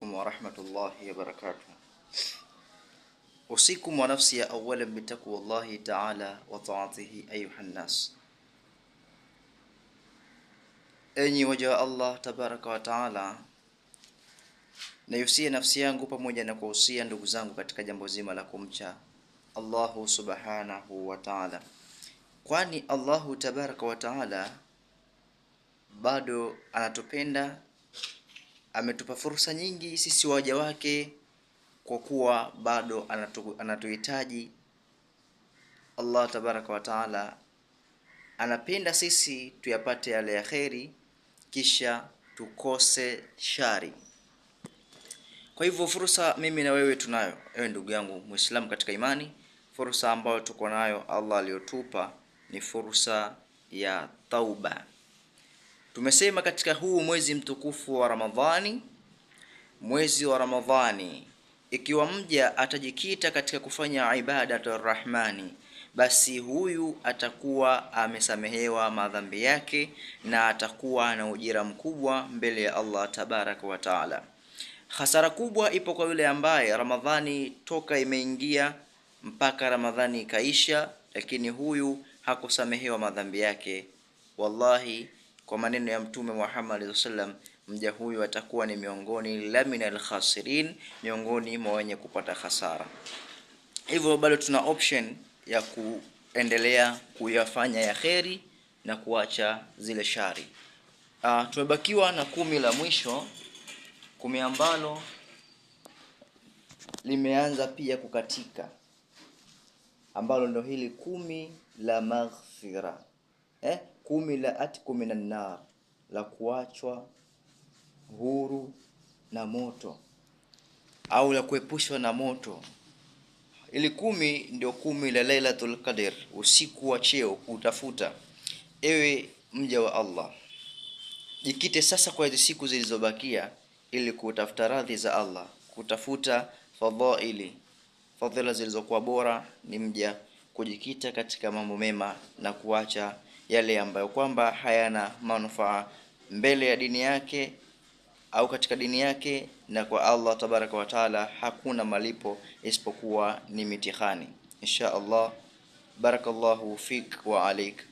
ورحمة الله وبركاته أوصيكم ونفسي أولا بتقوى ta'ala wa ta'atihi أيها nas. enyi waja wa Allah tabaraka wa taala, naiusia nafsi yangu pamoja na kuhusia ndugu zangu katika jambo zima la kumcha Allahu subhanahu wa taala, kwani Allahu tabaraka wa taala bado anatupenda ametupa fursa nyingi sisi waja wake, kwa kuwa bado anatuhitaji. Allah tabaraka wa taala anapenda sisi tuyapate yale ya kheri, kisha tukose shari. Kwa hivyo fursa mimi na wewe tunayo, ewe ndugu yangu Muislamu katika imani, fursa ambayo tuko nayo Allah aliyotupa ni fursa ya tauba. Tumesema katika huu mwezi mtukufu wa Ramadhani, mwezi wa Ramadhani, ikiwa mja atajikita katika kufanya ibadatu Rahmani, basi huyu atakuwa amesamehewa madhambi yake na atakuwa na ujira mkubwa mbele ya Allah tabaraka wa taala. Hasara kubwa ipo kwa yule ambaye Ramadhani toka imeingia mpaka Ramadhani ikaisha, lakini huyu hakusamehewa madhambi yake. Wallahi kwa maneno ya Mtume Muhammad sallallahu wasallam, mja huyu atakuwa ni miongoni la minal khasirin, miongoni mwa wenye kupata hasara. Hivyo bado tuna option ya kuendelea kuyafanya ya kheri na kuacha zile shari. Uh, tumebakiwa na kumi la mwisho, kumi ambalo limeanza pia kukatika, ambalo ndio hili kumi la maghfira eh? kumi la atku minan nar, la kuachwa huru na moto au la kuepushwa na moto. Ili kumi ndio kumi la Lailatul Qadr, usiku wa cheo kutafuta. Ewe mja wa Allah, jikite sasa kwa hizo siku zilizobakia, ili kutafuta radhi za Allah, kutafuta fadhaili, fadhila zilizokuwa bora. Ni mja kujikita katika mambo mema na kuacha yale ambayo kwamba hayana manufaa mbele ya dini yake au katika dini yake, na kwa Allah tabaraka wa taala hakuna malipo isipokuwa ni mitihani. Insha Allah. Barakallahu fik wa alaik.